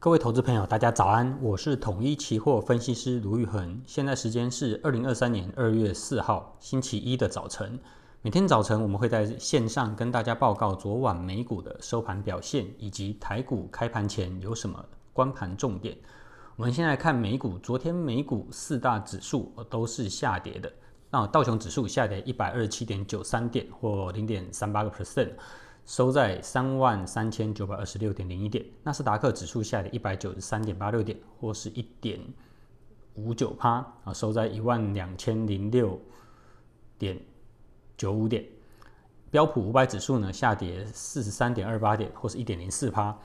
各位投資朋友，大家早安，我是統一期貨分析師盧昱衡。現在時間是二零二三年二月六號星期一的早晨。每天早晨我們會在線上跟大家報告昨晚美股的收盤表現，以及台股開盤前有什麼關盤重點。我們現在看美股，昨天美股四大指數都是下跌的。那道瓊指數下跌一百二十七點九三點，或零點三八個 percent。收在三萬三千九百二十六點零一點，納斯達克指數下跌一百九十三點八六點，或是一點五九趴啊，收在一萬兩千零六點九五點。標普五百指數呢，下跌四十三點二八點，或是一點零四趴，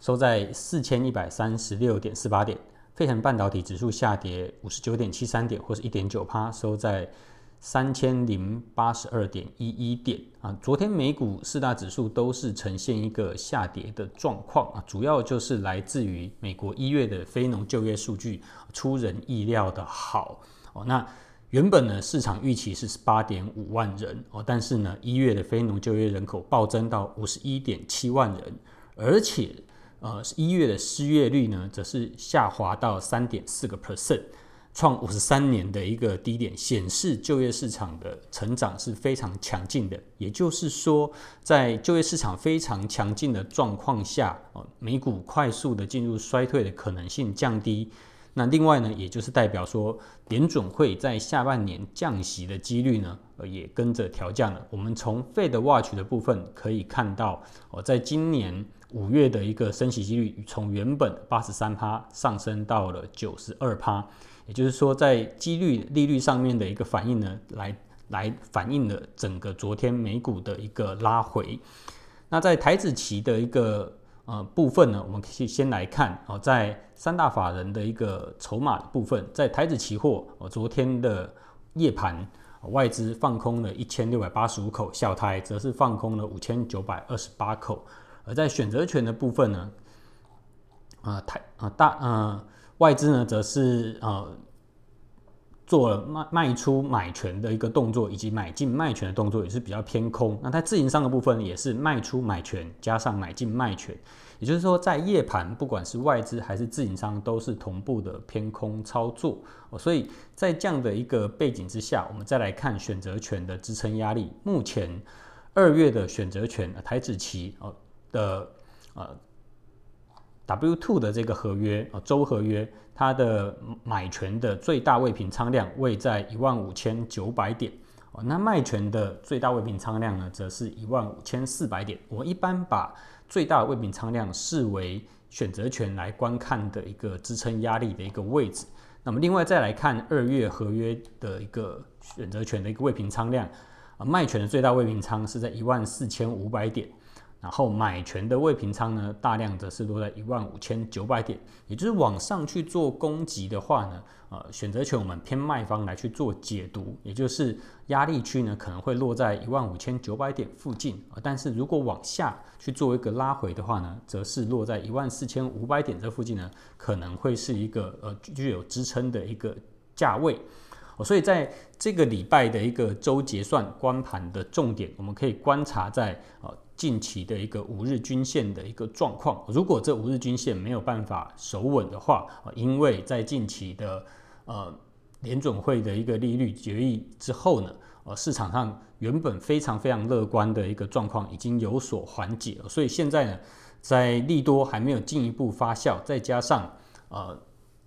收在四千一百三十六點四八點。費城半導體指數下跌五十九點七三點，或是一點九趴，收在三千零八十二點一一點啊，昨天美股四大指數都是呈現一個下跌的狀況啊，主要就是來自於美國一月的非農就業數據出人意料的好哦。那原本呢，市場預期是八點五萬人哦，但是呢，一月的非農就業人口暴增到五十一點七萬人，而且呃，一月的失業率呢，則是下滑到三點四個 percent。創五十三年的一個低點，顯示就業市場的成長是非常強勁的。也就是說，在就業市場非常強勁的狀況下，呃，美股快速的進入衰退的可能性降低。那另外呢，也就是代表說，聯準會在下半年降息的幾率呢，呃，也跟着調降了。我們從 Fed Watch 的部分可以看到，呃，在今年五月的一個升息幾率，從原本八十三趴上升到了九十二趴，也就是說，在幾率利率上面的一個反應呢，來來反映了整個昨天美股的一個拉回。那在台指期的一個。呃，部分呢，我們可以先來看哦，呃，在三大法人的一個籌碼部分，在台指期貨，我、呃、昨天的夜盤、呃，外資放空了一千六百八十五口，小台則是放空了五千九百二十八口，而、呃、在選擇權的部分呢，啊台啊大啊，外資呢則是呃。做了賣賣出買權的一個動作，以及買進賣權的動作也是比較偏空。那在自營商的部分也是賣出買權加上買進賣權，也就是說在夜盤不管是外資還是自營商都是同步的偏空操作。所以在這樣的一個背景之下，我們再來看選擇權的支撐壓力。目前二月的選擇權台指期的呃。W2 的這個合約哦，周合約它的買權的最大未平倉量位在一萬五千九百點哦，那賣權的最大未平倉量呢，則是一萬五千四百點。我一般把最大未平倉量視為選擇權來觀看的一個支撐壓力的一個位置。那麼，另外再來看二月合約的一個選擇權的一個未平倉量，啊，賣權的最大未平倉是在一萬四千五百點。然後買權的未平倉呢，大量則是落在一萬五千九百點，也就是往上去做攻擊的話呢，呃，選擇權我們偏賣方來去做解讀，也就是壓力區呢可能會落在一萬五千九百點附近啊。但是如果往下去做一個拉回的話呢，則是落在一萬四千五百點這附近呢，可能會是一個呃具有支撐的一個價位。哦，所以在這個禮拜的一個周結算觀盤的重點，我們可以觀察在呃。近期的一個五日均線的一個狀況，如果這五日均線沒有辦法守穩的話，因為在近期的呃聯準會的一個利率決議之後呢，呃市場上原本非常非常樂觀的一個狀況已經有所緩解了，所以現在呢，在利多還沒有進一步發酵，再加上呃。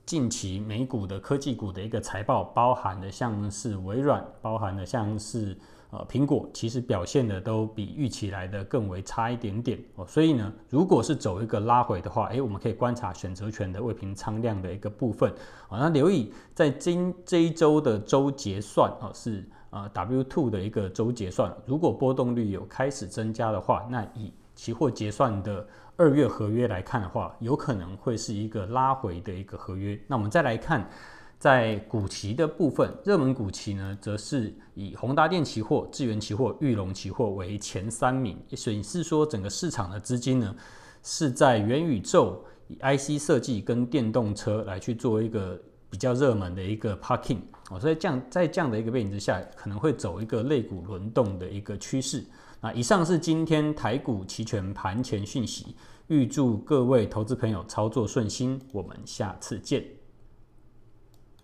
近期美股的科技股的一個財報，包含的像是微軟，包含的像是呃蘋果，其實表現的都比預期來的更為差一點點哦。所以呢，如果是走一個拉回的話，誒，我們可以觀察選擇權的未平倉量的一個部分啊、哦。那留意在今這，這一週的週結算哦，是啊 W two 的一個週結算，如果波動率有開始增加的話，那以期貨結算的二月合約來看的話，有可能會是一個拉回的一個合約。那我們再來看，在股期的部分，熱門股期呢，則是以宏達電期貨、智原期貨、裕隆期貨為前三名。所以是說，整個市場的資金呢，是在元宇宙、IC 設計跟電動車來去做一個比較熱門的一個 parking。所以這樣在這樣的一個背景之下，可能會走一個類股輪動的一個趨勢。那以上是今天台股期權盤前訊息，預祝各位投資朋友操作順心，我們下次見。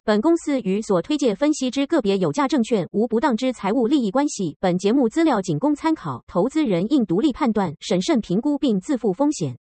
本公司與所推介分析之個別有價證券無不當之財務利益關係，本節目資料僅供參考，投資人應獨立判斷、審慎評估並自負風險。